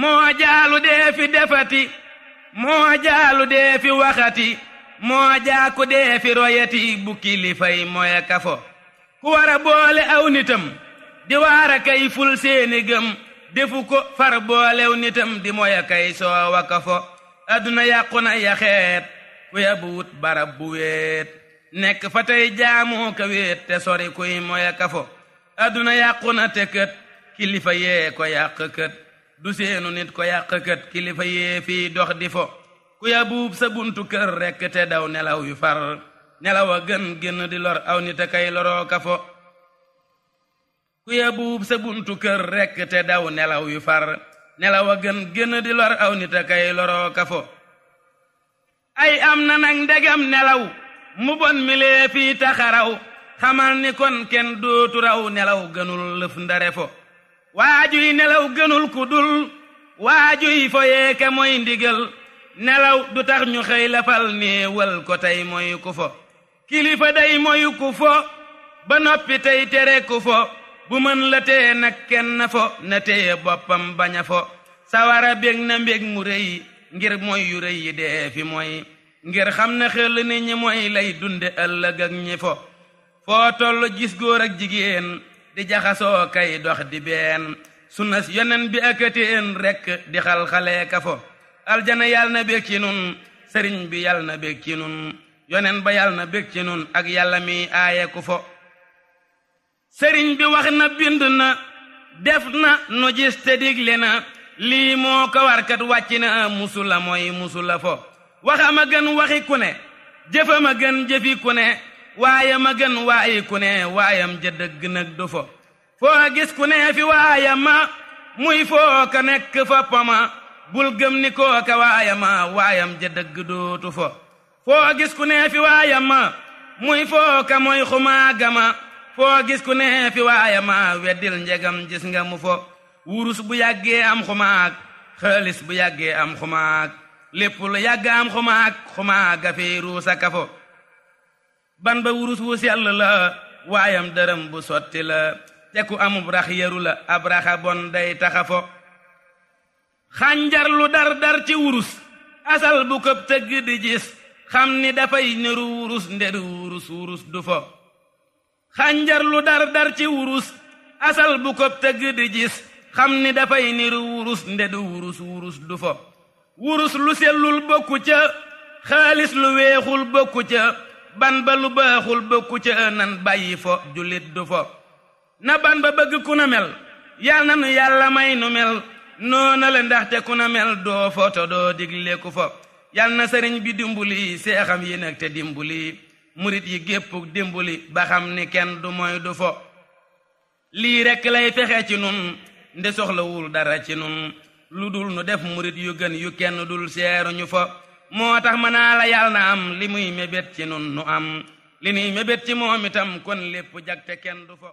moo jaalu dee fi defati moo jaalu dee fi waxati moo jaaku dee fi royati bu kilifay moya kafo ku war aw nitam di waara kay ful seeni gëm defu ko far boolew nitam di moya kay soowa kafo adduna yàqu na yaxeet ku yabu wut nekk fa tey jaamoo ka weet te sori kuy moya kafo adduna yàqu na te kët kilifa ko yàq kët du seenu nit ko yàqkat kilifa yee fii dox di fo ku ya buub sa buntu kër rekk te daw nelaw yu far nelaw a gën génn di lor aw nit kay loroo ka fo ku ya buub sa buntu kër rekk te daw nelaw yu far nelaw a gën génn di lor aw nita a kay loroo ka fo ay am na nag ndegam nelaw mu bon mi lee fii taxaraw xamal ni kon kenn dootu raw nelaw gënul lëf ndare fo yi nelaw gënul ku dul waajuy foyeeka mooy ndigal nelaw du tax ñu xëy lafal néewal ko tey moy ko fo kilifa day moy ko fo ba noppi tey tere ko fo bu mën la tee nag kenn fo na teye boppam bañ fo sawara bég na mbég mu rëy ngir mooy yu rëy yi dee fi mooy ngir xam na xel ni ñi mooy lay dunde ëllëg ak ñi fo foo toll gis góor ak di ka kay dox di been sunna si yonen bi akateen rekk di xal-xalee kafo aljana yàll na bég ci sëriñ bi yàll na bég ci nun yonen ba yàll na bég ci nun ak yàlla mi aaye ku fo sëriñ bi wax na bind na def na nu gis te digle na lii moo ko warkat wàcc na musula mooy musula fo waxam a gën waxi ku ne jëfam gën jëfi ku waaye ma gën waayi ku ne waayam ja dëgg nag du fo foo gis ku ne fi waayama muy foo ka nekk fa pama bul gëm ni koo ka waayama waayam ja dëgg dootu fo foo gis ku ne fi waayama muy foo ka moy xumaagama foo gis ku ne fi waayama weddil njegam gis nga mu fo wurus bu yàggee am xumaag xaalis bu yàggee am xumaag lépp lu yàgg am xumaag xumaaga fi ruusa ka fo ban ba wurus wu sell la waayam dërëm bu sotti la te ku amub rax la ab raxa bon day taxa fo xànjar lu dar dar ci wurus asal bu këb tëgg di gis xam ni dafay niru wurus nderu wurus wurus du fo xànjar lu dar dar ci wurus asal bu këb tëgg di gis xam ni dafay niru wurus ndedu wurus wurus du fo wurus lu sellul bokku ca xaalis lu weexul bokku ca ban ba lu baaxul bëkku ca nan bàyyi fo jullit du fo na ban ba bëgg ku na mel yal na nu yàlla may nu mel noona la ndaxte ku na mel doo fo to digle ku fo yal na sëriñ bi dimbuli seexam yi nag te dimbuli murit yi géppuk dimbuli ba xam ni kenn du mooy du fo lii rekk lay fexe ci nun nde soxlawul dara ci nun lu dul nu def murit yu gën yu kenn dul seeru ñu fo moo tax ma naa la yàlla na am li muy mébét ci nun nu am li nuy mébét ci moom itam kon lépp jag te kenn du fo